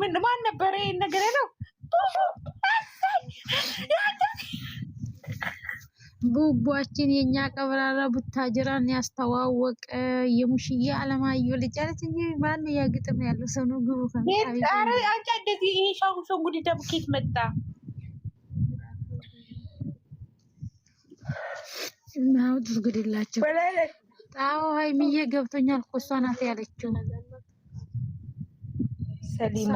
ምን ማን ነበረ ይህን ነገር ያለው? ቡቧችን የእኛ ቀብራራ ቡታጅራን ያስተዋወቀ የሙሽዬ አለማየሁ ልጅ አለች እንጂ ማን ያግጥም ያለው ሰው ነው። ግቡ ከአረ አንቺ እንደዚህ ይሄ ሻንጉሊ ደም ኬት መጣ ናውት ዝግድላቸው ጣው ሀይሚዬ ገብቶኛል እኮ እሷ ናት ያለችው ሰሊማ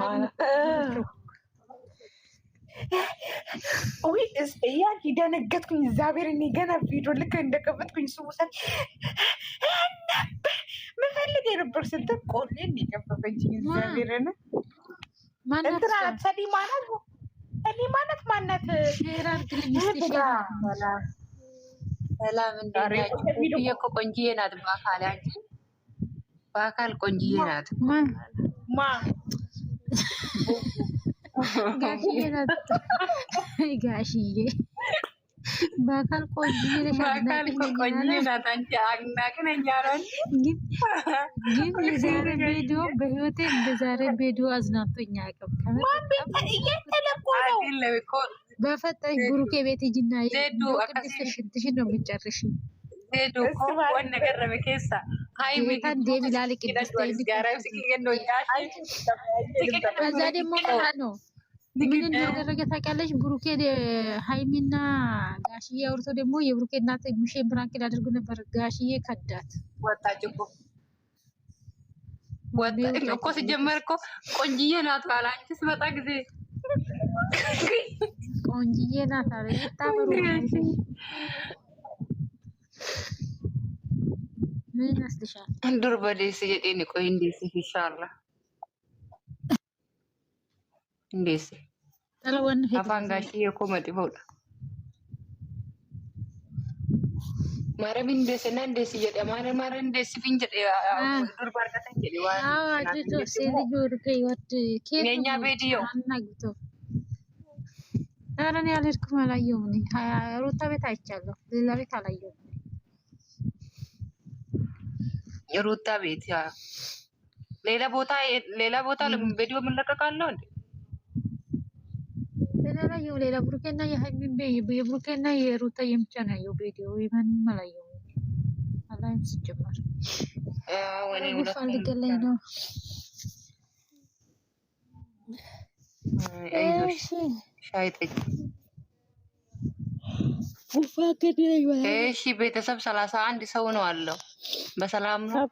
ወይ እያል ደነገጥኩኝ። እግዚአብሔር እኔ ገና ቪዲዮ ልክ እንደከፈትኩኝ ስሙሰል የነበር እግዚአብሔር ነ ሰሊማ ናት። ሰሊማ ናት ማናት? ሰላም ቆንጅዬ ናት። በአካል አንቺ በአካል ቆንጅዬ ናት ማ ጋሽዬ በአካል ቆንጆ የዛሬ ቪዲዮ በህይወቴ እንደዛሬ ቪዲዮ አዝናብቶኝ አያውቅም። በፈጠኝ ጉሩኬ ቤት ሂጂና ሽንትሽን ነው የምጨርሽ። ከዛ ደግሞ ማለት ነው ምን እንዳደረገ ታውቂያለሽ? ብሩኬ ሀይሚና ጋሽዬ አውርቶ ደግሞ የብሩኬ እናት ሙሼን ብራንክ አድርጎ ነበር። ጋሽዬ ከዳት እኮ ሲጀመር እኮ ቆንጅዬ ናት አለ። ስመጣ ጊዜ ቆንጅዬ ናት አለ። ምን ይመስልሻል? ዱር በደስ ጀጤን ቆይ እንዴስ ይሻላ እንዴስ አፋን ጋሽዬ እኮ መጥፎውላ ማረም እንዴስ እና እንዴስ ጀጤ ማረ ማረ እንዴስ ፍንጀ ዱር ባርከተን ጀዴ ዋ አድቶ ሲልጁ ርከይ ወድ ኬት ነኛ ቤዲዮ አናግቶ ኧረ እኔ አልሄድኩም አላየሁም። ሩታ ቤት አይቻለሁ፣ ሌላ ቤት አላየሁም። የሩታ ቤት ሌላ ቦታ ሌላ ቦታ ቪዲዮ የምንለቀቃለው እንዴ? የተለያየው ሌላ ብሩኬና የሀይሚን የብሩኬና የሩታ የምቻ ነው ያየው ቪዲዮ ማንም አላየው። አላይም ሲጀመር ፈልገላይ ነው። ሻይ ጠጅ እሺ ቤተሰብ ሰላሳ አንድ ሰው ነው አለው። በሰላም ነው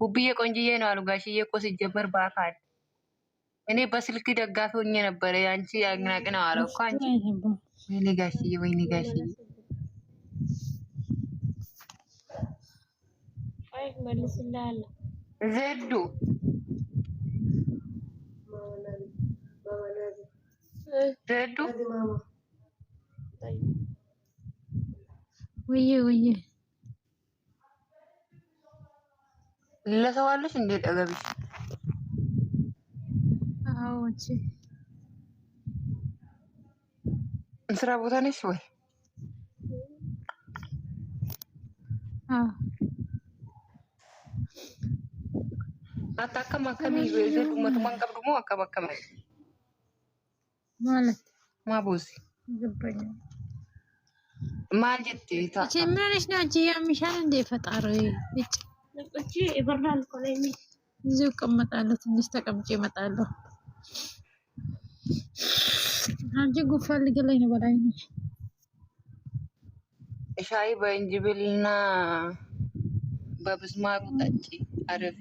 ቡብዬ ቆንጅዬ ነው አሉ። ጋሽዬ እኮ ሲጀመር በአካል እኔ በስልክ ደጋፊ ሆኜ ነበረ። አንቺ አግናቅ ነው አለው እኮ አንቺ። ወይኔ ጋሽዬ፣ ወይኔ ጋሽዬ ዘዱ ዘዱ ወይዬ ወይዬ ለሰዋለሽ እንዴ ጠገብሽ? አዎ። እቺ ስራ ቦታ ነሽ ወይ? አዎ። አታከማከሚ ዘዱ መትማንቀብ ደግሞ አከማከማል ማለት ማቦዚ ገባኛል ማጀቴታችናለች ነው አንቺ ያምሻል እንደ ፈጣሪ እጭ ይበራል እኮ ላይ እዚሁ እቀመጣለሁ። ትንሽ ተቀምጬ እመጣለሁ። አንቺ ጉድ ፈልግልኝ ነው በላይ ነሽ። ሻይ በእንጅብልና በብስማሩ ጠጪ አረፍ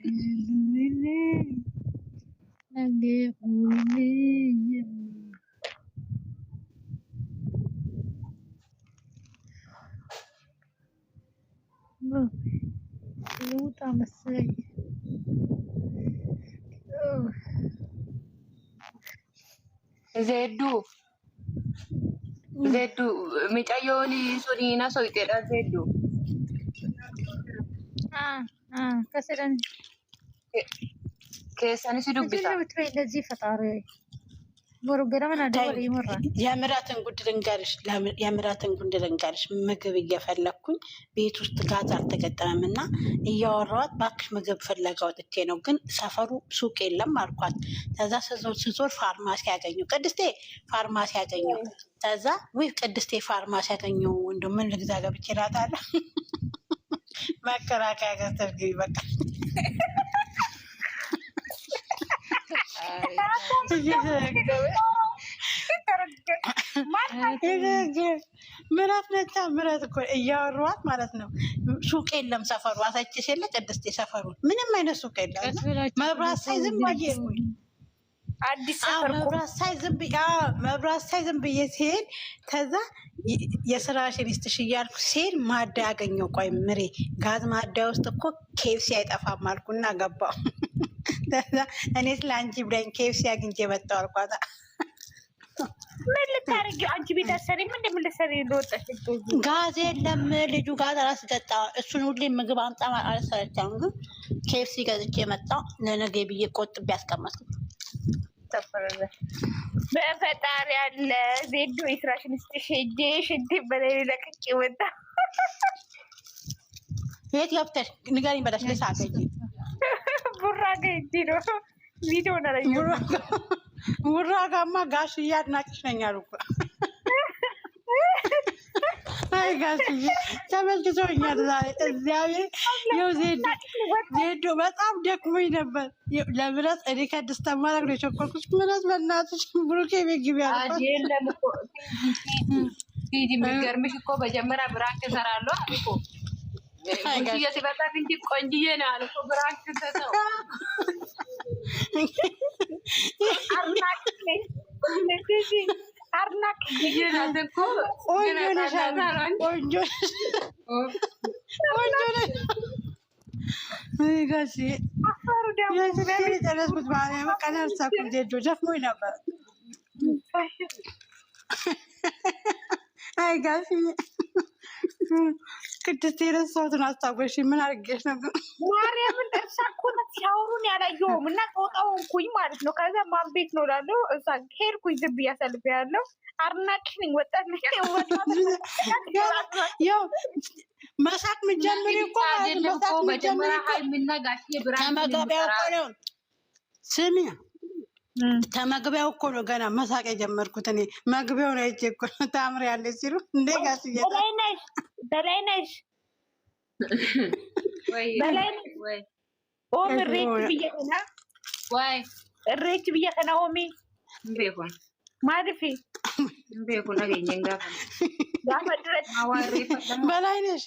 ዜዱ ዜዱ ሚጫዮን ሱኒና ሶይጤዳ ዜዱ ከሰዳን keessan isi dubbisa. Isin nuti illee faxaare. የምራትን ጉድ ልንገርሽ፣ የምራትን ጉድ ልንገርሽ። ምግብ እየፈለግኩኝ ቤት ውስጥ ጋዝ አልተገጠመም እና እያወራኋት እባክሽ ምግብ ፍለጋ ወጥቼ ነው፣ ግን ሰፈሩ ሱቅ የለም አልኳት። ከዛ ስዞር ፋርማሲ ያገኙ ቅድስቴ ፋርማሲ ያገኙ ከዛ ውይ ቅድስቴ ፋርማሲ ያገኙ እንደምን ልግዛ ገብቼ እላታለሁ። መከራከያ ገዝተሽ ግቢ በቃ ምረት ነታ ምረት እኮ እያወሯት ማለት ነው። ሱቅ የለም ሰፈሩ አሳች የለ ቅድስት የሰፈሩ ምንም አይነት ሱቅ የለም። መብራት ሳይ ዝም ብዬ መብራት ሳይ ዝም ብዬ ሲሄድ ከዛ የስራ ሽኒስትሽ እያልኩ ሲሄድ ማዳ ያገኘው ቆይ ምሬ ጋዝ ማዳ ውስጥ እኮ ኬፍሲ አይጠፋም አልኩና ገባው እኔ ስለ አንቺ ብዳኝ ኬፍሲ አግኝቼ መጣሁ አልኳት። ምን ልታረጊ አንቺ ቤት አሰሪ ምን ምን ልሰሪ ጋዝ የለም ልጁ ጋዝ አላስገጣ እሱን ሁሌ ምግብ አምጣ አላሰረቻም። ግን ኬፍሲ ገዝቼ መጣሁ ለነገ ብዬ ቆጥቤ ያስቀመጥኩት። በፈጣሪ አለ ዜዶ የስራሽን ስጥሽ። ሄጄ ሽንቴ በላይ ለቅቄ ወጣ። የት ገብተሽ ንገሪኝ በላሽ ልሳት ሄጂ ቡራጋ ሂድ ነው ቪዲዮን አለኝ። ቡራጋማ ጋሽዬ አድናቂሽ ነኝ አሉ። አይ ጋሽዬ ተመልክቶኛል ዛሬ እግዚአብሔር ይኸው ዜዶ በጣም ደክሞኝ ነበር። ለምረት እኔ ከድስት ማድረግ ነው የቸኮልኩት። ምረት በእናትሽ ብሩኬ ቤት ግቢ አልኳት። የሚገርምሽ እኮ መጀመሪያ ብራክ እሰራለሁ አልኩ ቆንጅዬ ሲበጣት እንጂ ቆንጅዬ ነው አልኩ። ብራችሁ ተሰው አርናቅ ናት እኮ ቆንጆ የጨረስኩት ማርያም ቀን አልሳኩም። ዜዶ ደክሞኝ ነበር። አይ ጋሽ ቅድስት የረሳሁትን አስታወስሽኝ። ምን አድርጌሽ ነበር? ማርያምን እርሳ እኮ ናት ሲያወሩን ያላየሁም እና ጦጣውንኩኝ ማለት ነው። ከዚያ ማን ቤት ነው እላለሁ። እዛ ሄድኩኝ ዝም ብዬ አሳልፍ ያለው አድናቂ ነኝ። ወጣት ያው መሳቅ ምጀምሪ እኮ ከመግቢያው እኮ ነው። ስሚ ከመግቢያው እኮ ነው ገና መሳቅ የጀመርኩት እኔ መግቢያው ነው። እጅ እኮ ታምሪያለሽ ሲሉ እንደ ጋስዬ በላይ ነሽ በላይ ነሽ ኦም እሬች ብየቀና እሬች ብየቀና ኦሜ ማርፌ በላይ ነሽ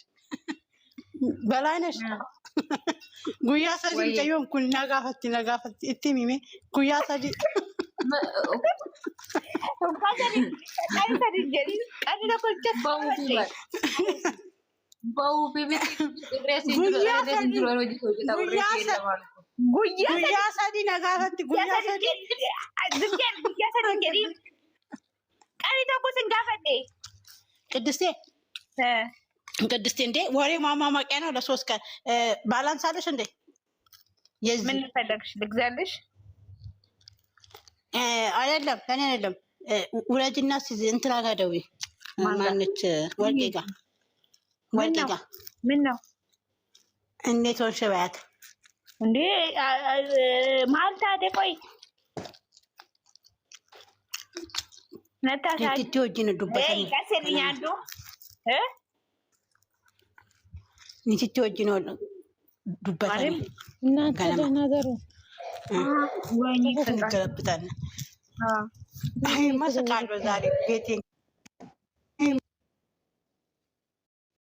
በላይ ነሽ ጉያ ሰጂ ጨዮን ኩን ነጋፈቲ ነጋፈቲ እትሚሜ ጉያ ሰጂ guyyaa sadii nagaa irratti guyyaa sadii ቀሪ tokko sin gaafadhe ቅድስቴ ቅድስቴ እንዴ ወሬ ማማማቂያ ነው ለሶስት ቀን ባላንስ አለሽ እንዴ ምን ፈለግሽ ልግዛልሽ አይደለም ከኔ አይደለም። ውለጅና ሲዝ እንትና ጋር ማነች? ወርቄ ጋር ምን ነው እንዴት ሆንሽ በያት እንዴ ማልታ ደቆይ ዱበታ ገለብጣለን። ይሄማ ስቃለሁ ዛሬ ቤቴን